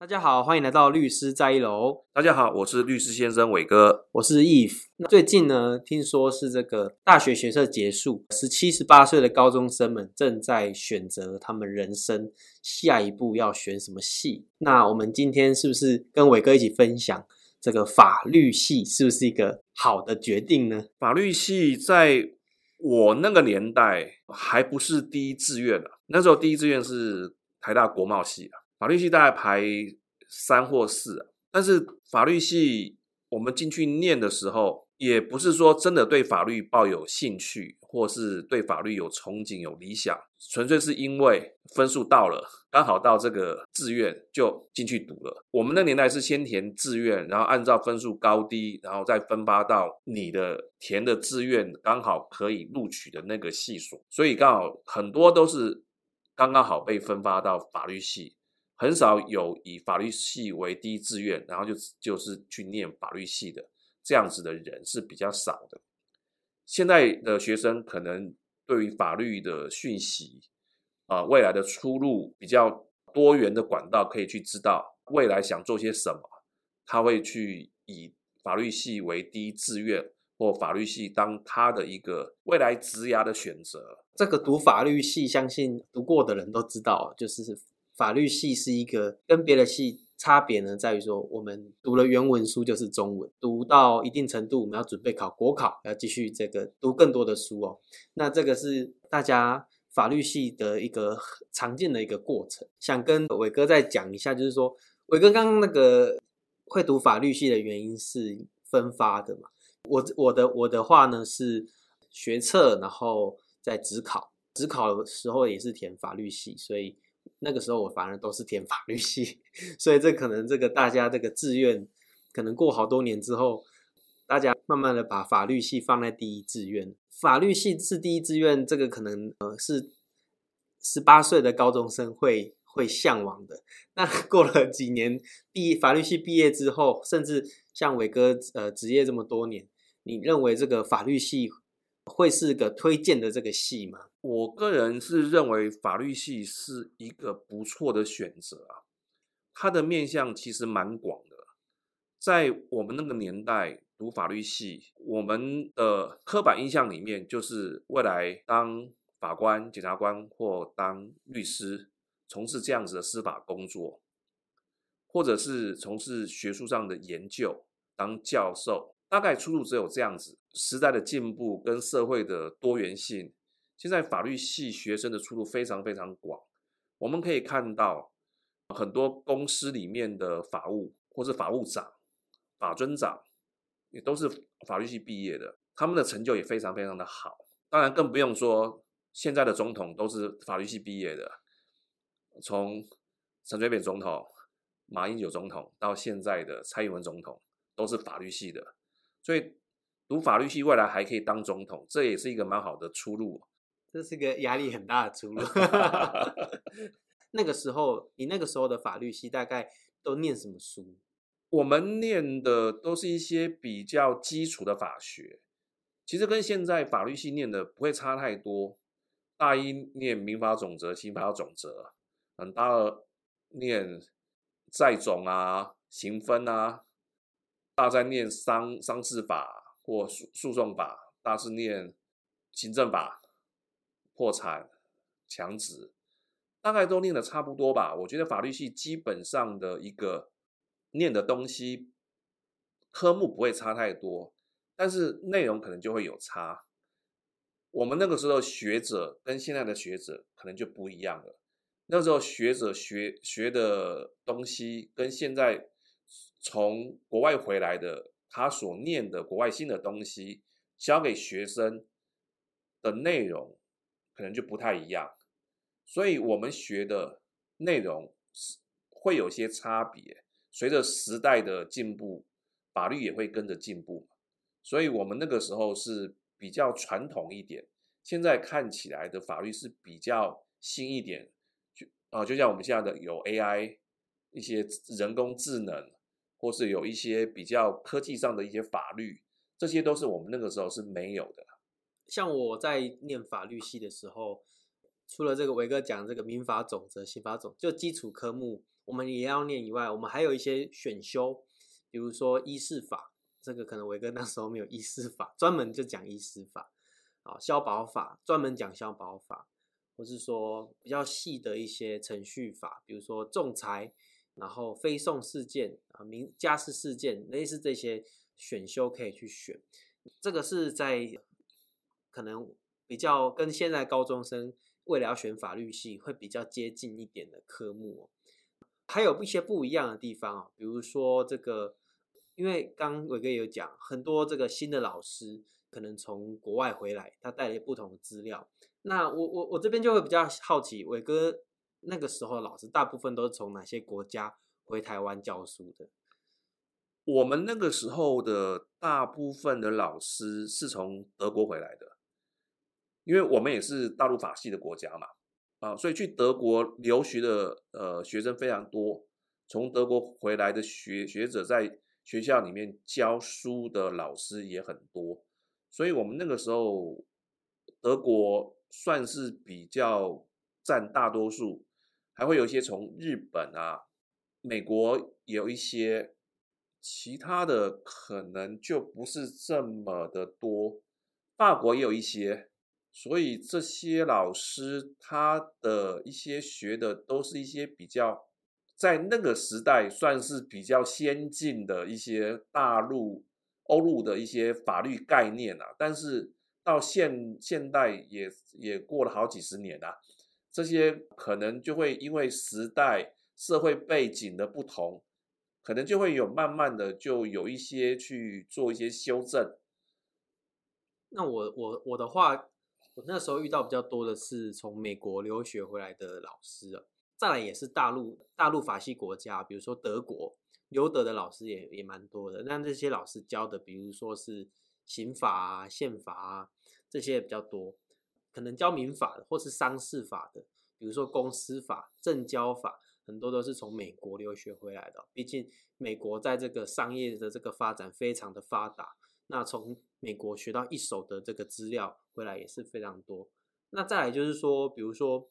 大家好，歡迎來到律師在一樓。大家好，我是律師先生瑋哥，我是 Eve。那最近呢，聽說是這個大學學測結束，十七、十八歲的高中生們正在選擇他們人生下一步要選什麼系。那我們今天是不是跟瑋哥一起分享這個法律系是不是一個好的決定呢？法律系在我那個年代還不是第一志願啊，那時候第一志願是台大國貿系啊。法律系大概排三或四啊，但是法律系我們進去念的時候，也不是說真的對法律抱有興趣，或是對法律有憧憬、有理想，純粹是因為分數到了，剛好到這個志願就進去讀了。我們那年代是先填志願，然後按照分數高低，然後再分發到你的填的志願剛好可以錄取的那個系所，所以剛好很多都是剛剛好被分發到法律系。很少有以法律系為第一志願，然後就就是去念法律系的這樣子的人是比較少的。現在的學生可能對於法律的訊息，啊、呃，未來的出路比較多元的管道可以去知道未來想做些什麼，他會去以法律系為第一志願，或法律系當他的一個未來職涯的選擇。這個讀法律系，相信讀過的人都知道，就是。法律系是一個跟別的系差別呢，在於說我們讀了原文書就是中文，讀到一定程度，我們要準備考國考，要繼續這個讀更多的書哦。那這個是大家法律系的一個很常見的一個過程。想跟偉哥再講一下，就是說偉哥剛剛那個會讀法律系的原因是分發的嘛？我我的我的話呢是學測，然後再指考，指考的時候也是填法律系，所以。那個時候我反而都是填法律系，所以這可能這個大家這個志願，可能過好多年之後，大家慢慢的把法律系放在第一志願。法律系是第一志願，這個可能呃是十八歲的高中生會會嚮往的。那過了幾年，畢法律系畢業之後，甚至像瑋哥呃執業這麼多年，你認為這個法律系會是個推薦的這個系嗎？我個人是認為法律系是一個不錯的選擇啊。它的面向其實蠻廣的，在我們那個年代讀法律系，我們的，呃，刻板印象裡面就是未來當法官、檢察官或當律師，從事這樣子的司法工作，或者是從事學術上的研究，當教授，大概出路只有這樣子。時代的進步跟社會的多元性，現在法律系學生的出路非常非常廣。我們可以看到，很多公司裡面的法務或是法務長、法遵長，也都是法律系畢業的，他們的成就也非常非常的好。當然，更不用說現在的總統都是法律系畢業的，從陳水扁總統、馬英九總統到現在的蔡英文總統，都是法律系的，所以。讀法律系，未來還可以當總統，這也是一個蠻好的出路。這是一個壓力很大的出路。 那個時候，你那個時候的法律系大概都念什麼書？我們念的都是一些比較基礎的法學，其實跟現在法律系念的不會差太多。大一念民法總則、刑法總則，很大二念債總啊、刑分啊，大三念商商事法。或訴訴訟法，大致念行政法、破產、強執，大概都念的差不多吧。我覺得法律系基本上的一個念的東西科目不會差太多，但是內容可能就會有差。我們那個時候學者跟現在的學者可能就不一樣了。那時候學者學學的東西跟現在從國外回來的。他所念的國外新的東西，教給學生的內容，可能就不太一樣，所以我們學的內容是會有些差別。隨着時代的進步，法律也會跟着進步。所以我們那個時候是比較傳統一點，現在看起來的法律是比較新一點，就啊，就像我們現在的有 AI 一些人工智能。或是有一些比較科技上的一些法律，這些都是我們那個時候是沒有的。像我在念法律系的時候，除了這個瑋哥講這個民法總則、刑法總，就基礎科目我們也要念以外，我們還有一些選修，比如說醫師法，這個可能瑋哥那時候沒有醫師法，專門就講醫師法啊，消保法專門講消保法，或是說比較細的一些程序法，比如說仲裁。然後非訟事件啊，民家事事件類似這些選修可以去選，這個是在可能比較跟現在高中生未來要選法律系會比較接近一點的科目。還有一些不一樣的地方啊，比如說這個，因為剛剛偉哥有講，很多這個新的老師可能從國外回來，他帶了不同的資料。那我我我這邊就會比較好奇，偉哥。那個時候，老師大部分都是從哪些國家回台灣教書的？我們那個時候的大部分的老師是從德國回來的，因為我們也是大陸法系的國家嘛，啊，所以去德國留學的呃學生非常多，從德國回來的學學者在學校裡面教書的老師也很多，所以我們那個時候德國算是比較佔大多數。還會有一些從日本啊、美國有一些其他的，可能就不是這麼的多。法國也有一些，所以這些老師，他的一些學的都是一些比較在那個時代算是比較先進的一些大陸、歐陸的一些法律概念啊。但是到現現代也也過了好幾十年了啊。這些可能就會因為時代、社會背景的不同，可能就會有慢慢的就有一些去做一些修正。那我我我的話，我那時候遇到比較多的是從美國留學回來的老師，再來也是大陸大陸法系國家，比如說德國，留德的老師也也蠻多的。那這些老師教的，比如說是刑法啊、憲法啊這些也比較多。可能教民法的，或是商事法的，比如說公司法、證交法，很多都是從美國留學回來的。畢竟美國在這個商業的這個發展非常的發達，那從美國學到一手的這個資料回來也是非常多。那再來就是說，比如說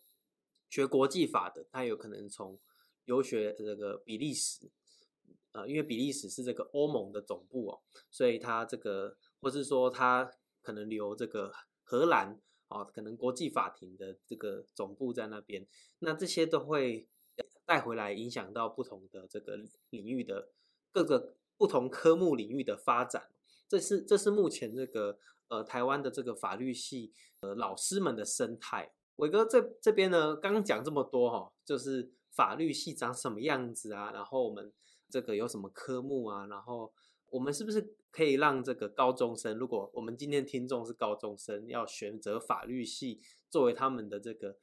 學國際法的，他有可能從留學的這個比利時，呃，因為比利時是這個歐盟的總部哦，所以他這個，或是說他可能留這個荷蘭。哦，可能國際法庭的這個總部在那邊，那這些都會帶回來影響到不同的這個領域的各個不同科目領域的發展。這是這是目前這個呃台灣的這個法律系呃老師們的生態。瑋哥這這邊呢，剛剛講這麼多哈、哦，就是法律系長什麼樣子啊，然後我們這個有什麼科目啊，然後我們是不是？可以讓這個高中生，如果我們今天聽眾是高中生，要選擇法律系作為他們的這個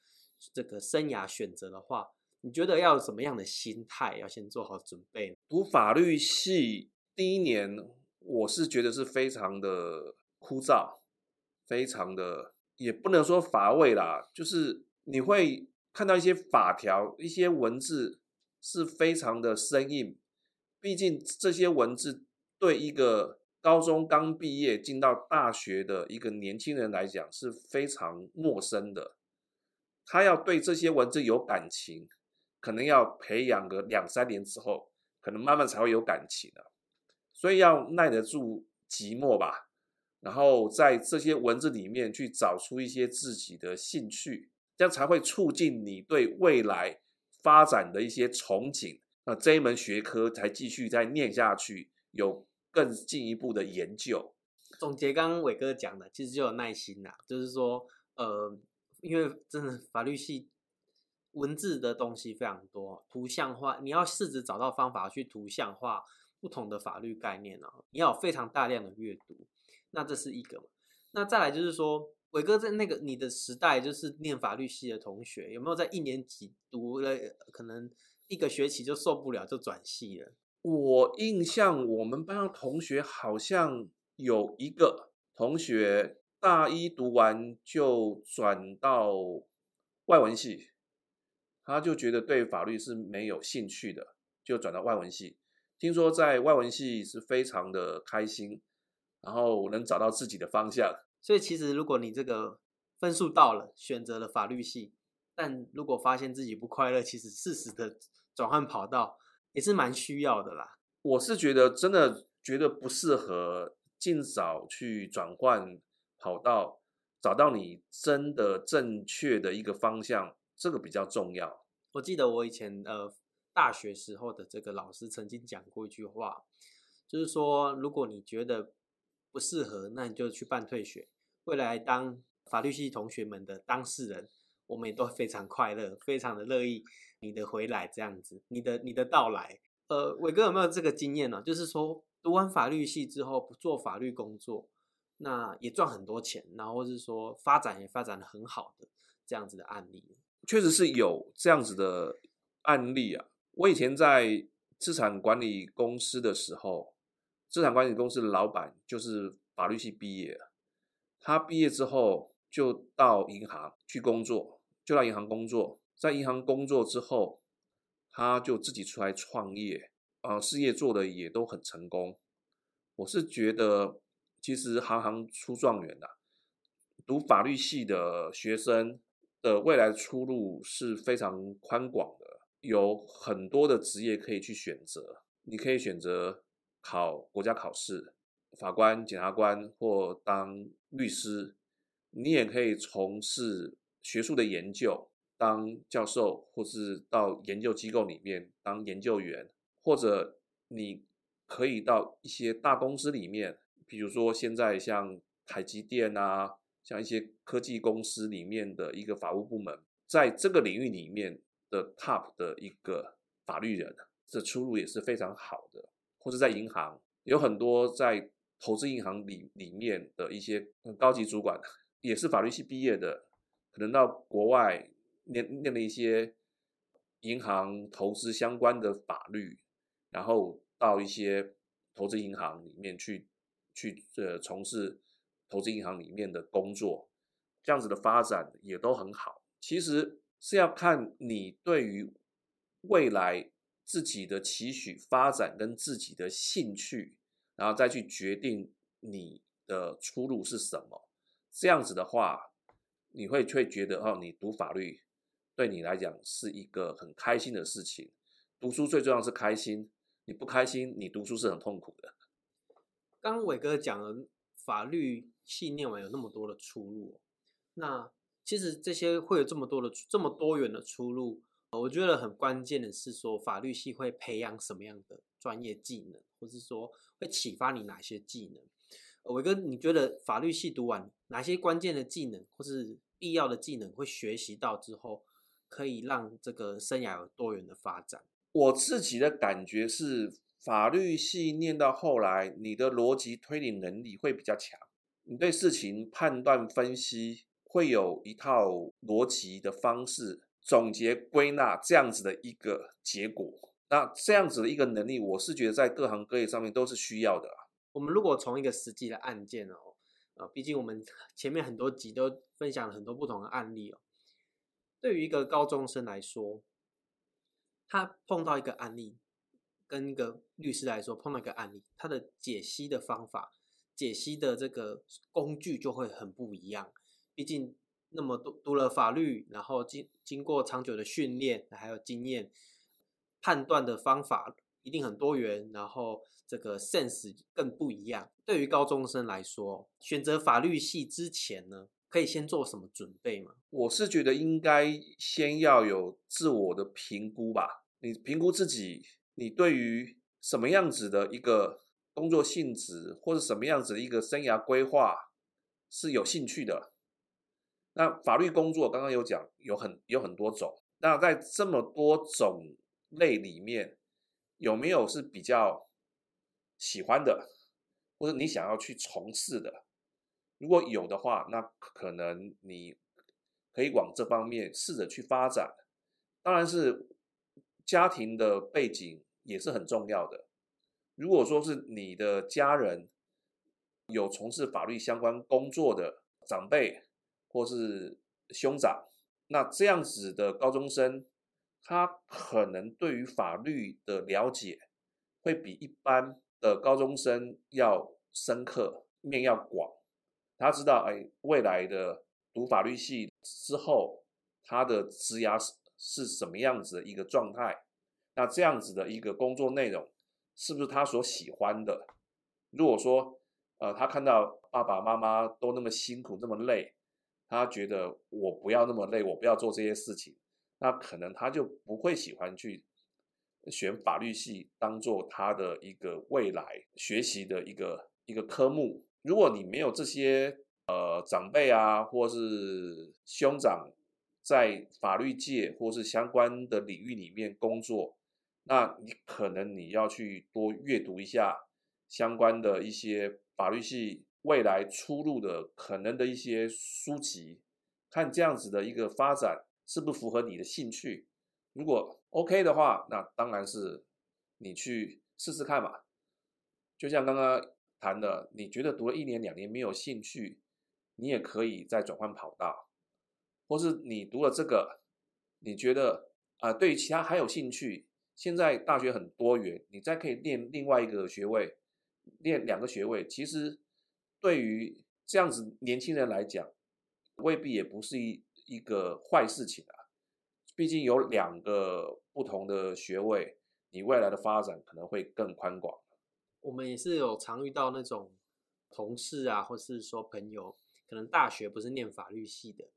這個生涯選擇的話，你覺得要有什麼樣的心態，要先做好準備？讀法律系第一年，我是覺得是非常的枯燥，非常的也不能說乏味啦，就是你會看到一些法條，一些文字是非常的生硬，畢竟這些文字對一個高中剛畢業進到大學的一個年輕人來講是非常陌生的，他要對這些文字有感情，可能要培養個兩三年之後，可能慢慢才會有感情的啊。所以要耐得住寂寞吧，然後在這些文字裡面去找出一些自己的興趣，這樣才會促進你對未來發展的一些憧憬，那這一門學科才繼續再念下去有更進一步的研究。總結剛剛瑋哥講的，其實就有耐心啦。就是說，呃，因為真的法律系文字的東西非常多，圖像化你要試着找到方法去圖像化不同的法律概念哦、喔。你要有非常大量的閱讀，那這是一個嘛。那再來就是說，瑋哥在那個你的時代，就是念法律系的同學，有沒有在一年級讀了可能一個學期就受不了就轉系了？我印象，我們班上同學好像有一個同學大一讀完就轉到外文系，他就覺得對法律是沒有興趣的，就轉到外文系。聽說在外文系是非常的開心，然後能找到自己的方向。所以，其實如果你這個分數到了，選擇了法律系，但如果發現自己不快樂，其實適時的轉換跑道。也是蠻需要的啦。我是覺得真的覺得不適合，盡早去轉換跑道，找到你真的正確的一個方向，這個比較重要。我記得我以前呃大學時候的這個老師曾經講過一句話，就是說，如果你覺得不適合，那你就去辦退學。未來當法律系同學們的當事人，我們也都非常快樂，非常的樂意。你的回來這樣子，你的你的到來，呃，瑋哥有沒有這個經驗呢、啊？就是說，讀完法律系之後不做法律工作，那也賺很多錢，然後是說發展也發展得很好的這樣子的案例，確實是有這樣子的案例啊。我以前在資產管理公司的時候，資產管理公司的老闆就是法律系畢業了，他畢業之後就到銀行去工作，就到銀行工作。在銀行工作之後，他就自己出來創業啊、呃，事業做得也都很成功。我是覺得，其實行行出狀元的、啊，讀法律系的學生的未來出路是非常寬廣的，有很多的職業可以去選擇。你可以選擇考國家考試，法官、檢察官或當律師；你也可以從事學術的研究。當教授，或是到研究機構裡面當研究員，或者你可以到一些大公司裡面，比如說現在像台積電啊，像一些科技公司裡面的一個法務部門，在這個領域裡面的 top 的一個法律人，這出路也是非常好的。或者在銀行，有很多在投資銀行裡裡面的一些很高級主管，也是法律系畢業的，可能到國外，念念了一些銀行投資相關的法律，然後到一些投資銀行裡面去，去呃從事投資銀行裡面的工作，這樣子的發展也都很好。其實是要看你對於未來自己的期許、發展跟自己的興趣，然後再去決定你的出路是什麼。這樣子的話，你會會覺得哦，你讀法律。對你來講是一個很開心的事情。讀書最重要是開心，你不開心，你讀書是很痛苦的。剛剛瑋哥講了，法律系念完有那麼多的出路，那其實這些會有這麼多的這麼多元的出路，我覺得很關鍵的是說法律系會培養什麼樣的專業技能，或是說會啟發你哪些技能。瑋哥，你覺得法律系讀完哪些關鍵的技能或是必要的技能會學習到之後？可以讓這個生涯有多元的發展。我自己的感覺是，法律系念到後來，你的邏輯推理能力會比較強，你對事情判斷分析會有一套邏輯的方式，總結歸納這樣子的一個結果。那這樣子的一個能力，我是覺得在各行各業上面都是需要的。我們如果從一個實際的案件哦，畢竟我們前面很多集都分享了很多不同的案例哦。對於一個高中生來說，他碰到一個案例，跟一個律師來說碰到一個案例，他的解析的方法、解析的這個工具就會很不一樣。畢竟那麼多讀了法律，然後經經過長久的訓練，還有經驗，判斷的方法一定很多元，然後這個 sense 更不一樣。對於高中生來說，選擇法律系之前呢，可以先做什麼準備嗎？我是覺得應該先要有自我的評估吧。你評估自己，你對於什麼樣子的一個工作性質，或者什麼樣子的一個生涯規劃是有興趣的。那法律工作剛剛有講，有很有很多種。那在這麼多種類裡面，有沒有是比較喜歡的，或者你想要去從事的？如果有的話，那可能你可以往這方面試着去發展。當然是家庭的背景也是很重要的。如果說是你的家人有從事法律相關工作的長輩或是兄長，那這樣子的高中生，他可能對於法律的了解會比一般的高中生要深刻，面要廣。他知道，哎，未來的讀法律系之後，他的職業是是什麼樣子的一個狀態？那這樣子的一個工作內容，是不是他所喜歡的？如果說，呃，他看到爸爸媽媽都那麼辛苦，那麼累，他覺得我不要那麼累，我不要做這些事情，那可能他就不會喜歡去選法律系，當做他的一個未來學習的一個一個科目。如果你沒有這些呃長輩啊，或是兄長在法律界或是相關的領域裡面工作，那你可能你要去多閱讀一下相關的一些法律系未來出路的可能的一些書籍，看這樣子的一個發展是不是符合你的興趣。如果 OK 的話，那當然是你去試試看嘛，就像剛剛，談的，你覺得讀了一年兩年沒有興趣，你也可以再轉換跑道，或是你讀了這個，你覺得啊、呃，對於其他還有興趣，現在大學很多元，你再可以念另外一個學位，念兩個學位，其實對於這樣子年輕人來講，未必也不是一一個壞事情啊，畢竟有兩個不同的學位，你未來的發展可能會更寬廣。我們也是有常遇到那種同事啊，或是說朋友，可能大學不是念法律系的，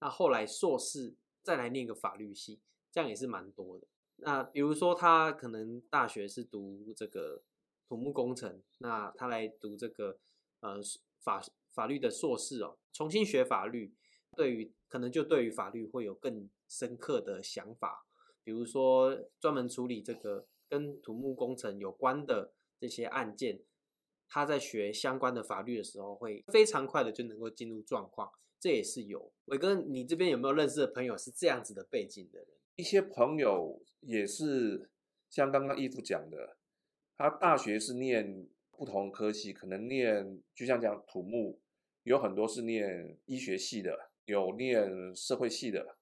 那後來碩士再來念個法律系，這樣也是蠻多的。那比如說他可能大學是讀這個土木工程，那他來讀這個呃法法律的碩士哦，重新學法律，對於可能就對於法律會有更深刻的想法，比如說專門處理這個跟土木工程有關的，這些案件，他在學相關的法律的時候，會非常快的就能夠進入狀況，這也是有。瑋哥，你這邊有沒有認識的朋友是這樣子的背景的人？一些朋友也是像剛剛 IF 講的，他大學是念不同科系，可能念就像講土木，有很多是念醫學系的，有念社會系的，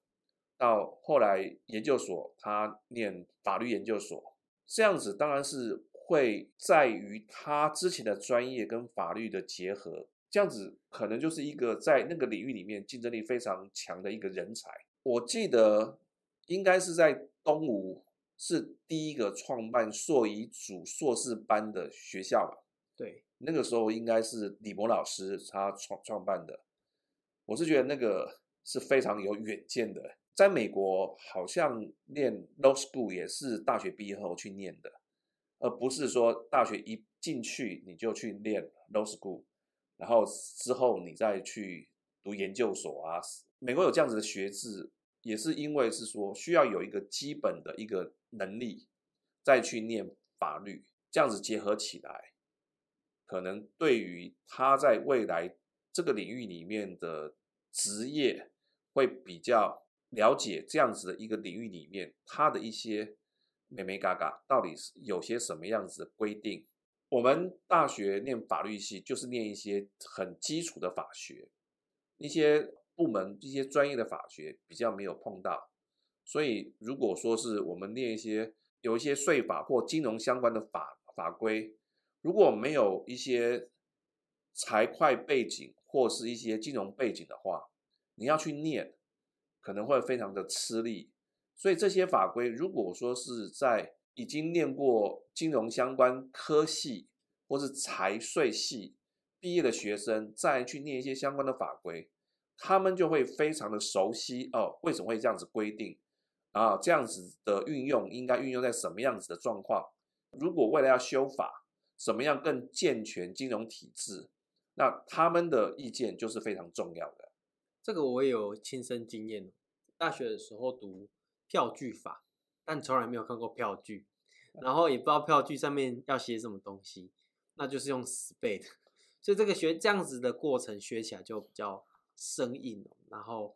到後來研究所，他念法律研究所，這樣子當然是，會在於他之前的專業跟法律的結合，這樣子可能就是一個在那個領域裡面競爭力非常強的一個人才。我記得應該是在東吳是第一個創辦碩乙組碩士班的學校吧？對，那個時候應該是李模老師他創創辦的。我是覺得那個是非常有遠見的。在美國，好像念 law school 也是大學畢業後去念的。而不是說大學一進去你就去念 law school，然後之後你再去讀研究所啊。美國有這樣子的學制，也是因為是說需要有一個基本的一個能力，再去念法律，這樣子結合起來，可能對於他在未來這個領域裡面的職業會比較了解，這樣子的一個領域裡面他的一些。美美嘎嘎到底是有些什麼樣子的規定？我們大學念法律系就是念一些很基礎的法學，一些部門、一些專業的法學比較沒有碰到。所以如果說是我們念一些有一些稅法或金融相關的法法規，如果沒有一些財會背景或是一些金融背景的話，你要去念可能會非常的吃力。所以這些法規，如果說是在已經念過金融相關科系或是財稅系畢業的學生，再去念一些相關的法規，他們就會非常的熟悉哦、啊。為什麼會這樣子規定？啊，這樣子的運用應該運用在什麼樣子的狀況？如果未來要修法，什麼樣更健全金融體制，那他們的意見就是非常重要的。這個我也有親身經驗，大學的時候讀。票據法，但從來沒有看過票據，然後也不知道票據上面要寫什麼東西，那就是用死背的。所以這個學這樣子的過程學起來就比較生硬。然後，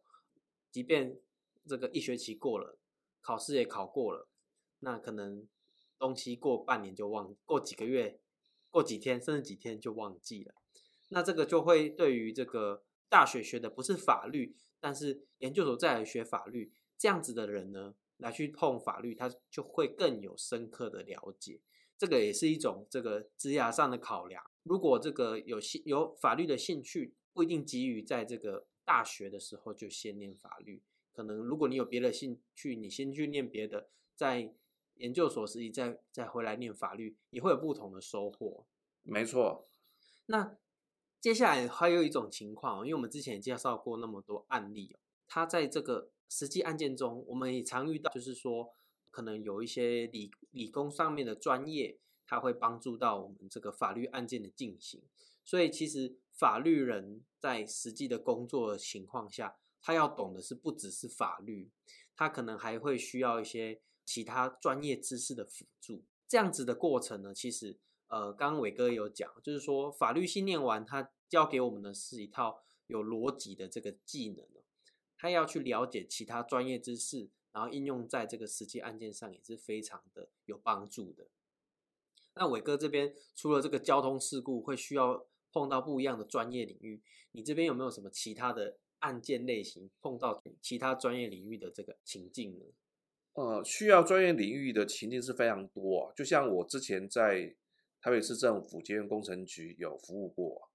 即便這個一學期過了，考試也考過了，那可能東西過半年就忘，過幾個月，過幾天甚至幾天就忘記了。那這個就會對於這個大學學的不是法律，但是研究所再來學法律，這樣子的人呢，來去碰法律，他就會更有深刻的了解。這個也是一種這個職涯上的考量。如果這個有興有法律的興趣，不一定急於在這個大學的時候就先念法律。可能如果你有別的興趣，你先去念別的，在研究所時再再再回來念法律，也會有不同的收穫。沒錯。那接下來還有一種情況，因為我們之前也介紹過那麼多案例，他在這個。實際案件中，我們也常遇到，就是說，可能有一些理理工上面的專業，它會幫助到我們這個法律案件的進行。所以，其實法律人在實際的工作的情況下，他要懂的是不只是法律，他可能還會需要一些其他專業知識的輔助。這樣子的過程呢，其實，呃，剛剛瑋哥也有講，就是說法律系念完，他教給我們的是一套有邏輯的這個技能。他要去了解其他專業知識，然後應用在這個實際案件上，也是非常的有幫助的。那瑋哥這邊除了這個交通事故，會需要碰到不一樣的專業領域，你這邊有沒有什麼其他的案件類型碰到其他專業領域的這個情境呢？呃，需要專業領域的情境是非常多啊，就像我之前在台北市政府捷運工程局有服務過，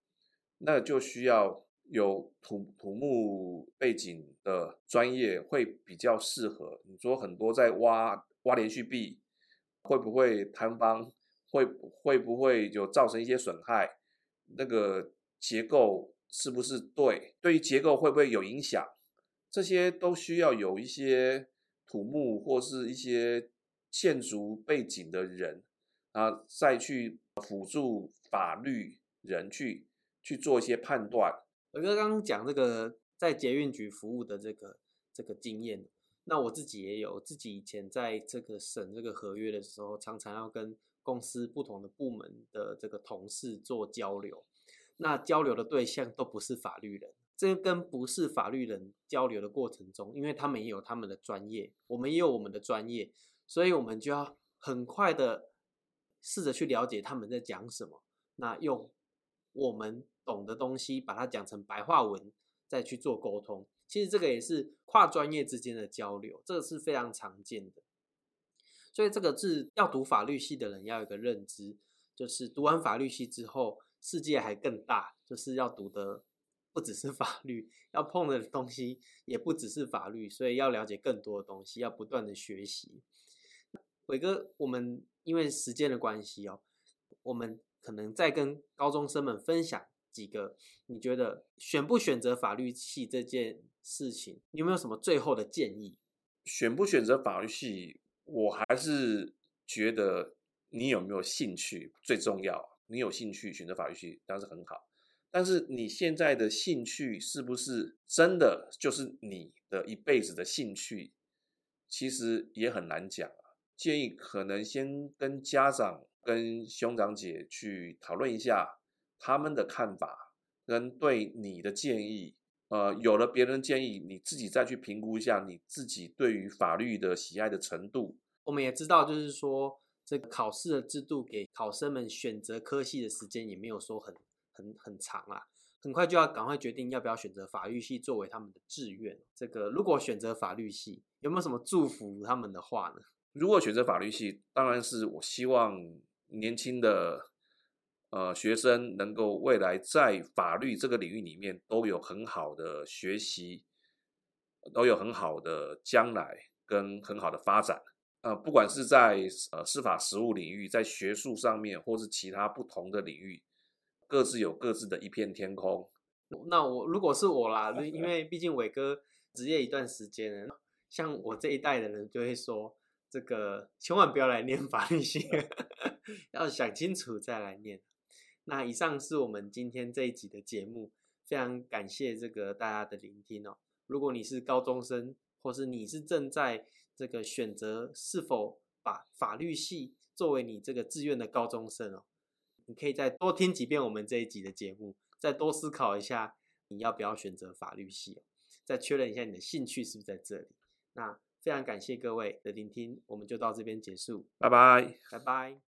那就需要。有土土木背景的專業會比較適合。你說很多在挖挖連續壁會會會，會不會坍方？會會不會就造成一些損害？那個結構是不是對？對於結構會不會有影響？這些都需要有一些土木或是一些建築背景的人啊，再去輔助法律人去去做一些判斷。瑋哥剛剛講這個在捷運局服務的這個這個經驗，那我自己也有，自己以前在這個審這個合約的時候，常常要跟公司不同的部門的這個同事做交流，那交流的對象都不是法律人，這跟不是法律人交流的過程中，因為他們也有他們的專業，我們也有我們的專業，所以我們就要很快的試着去了解他們在講什麼，那用我們。懂的東西，把它講成白話文，再去做溝通。其實這個也是跨專業之間的交流，這個是非常常見的。所以這個是要讀法律系的人要有一個認知，就是讀完法律系之後，世界還更大，就是要讀的不只是法律，要碰的東西也不只是法律，所以要了解更多的東西，要不斷的學習。瑋哥，我們因為時間的關係哦，我們可能在跟高中生們分享。幾個？你覺得選不選擇法律系這件事情，你有沒有什麼最後的建議？選不選擇法律系，我還是覺得你有沒有興趣最重要。你有興趣選擇法律系，當然是很好。但是你現在的興趣是不是真的就是你的一輩子的興趣？其實也很難講啊。建議可能先跟家長、跟兄長姐去討論一下。他們的看法跟對你的建議，呃，有了別人建議，你自己再去評估一下你自己對於法律的喜愛的程度。我們也知道，就是說，這個考試的制度給考生們選擇科系的時間也沒有說很很很長啦、啊，很快就要趕快決定要不要選擇法律系作為他們的志願。這個如果選擇法律系，有沒有什麼祝福他們的話呢？如果選擇法律系，當然是我希望年輕的。呃，學生能夠未來在法律這個領域裡面都有很好的學習，都有很好的將來跟很好的發展。呃，不管是在呃司法實務領域，在學術上面，或是其他不同的領域，各自有各自的一片天空。那我如果是我啦，因為畢竟瑋哥執業一段時間呢，像我這一代的人就會說，這個千萬不要來念法律系， 要想清楚再來念。那以上是我們今天這一集的節目，非常感謝這個大家的聆聽哦。如果你是高中生，或是你是正在這個選擇是否把法律系作為你這個志願的高中生哦，你可以再多聽幾遍我們這一集的節目，再多思考一下你要不要選擇法律系，再確認一下你的興趣是不是在這裡。那非常感謝各位的聆聽，我們就到這邊結束，拜拜，拜拜。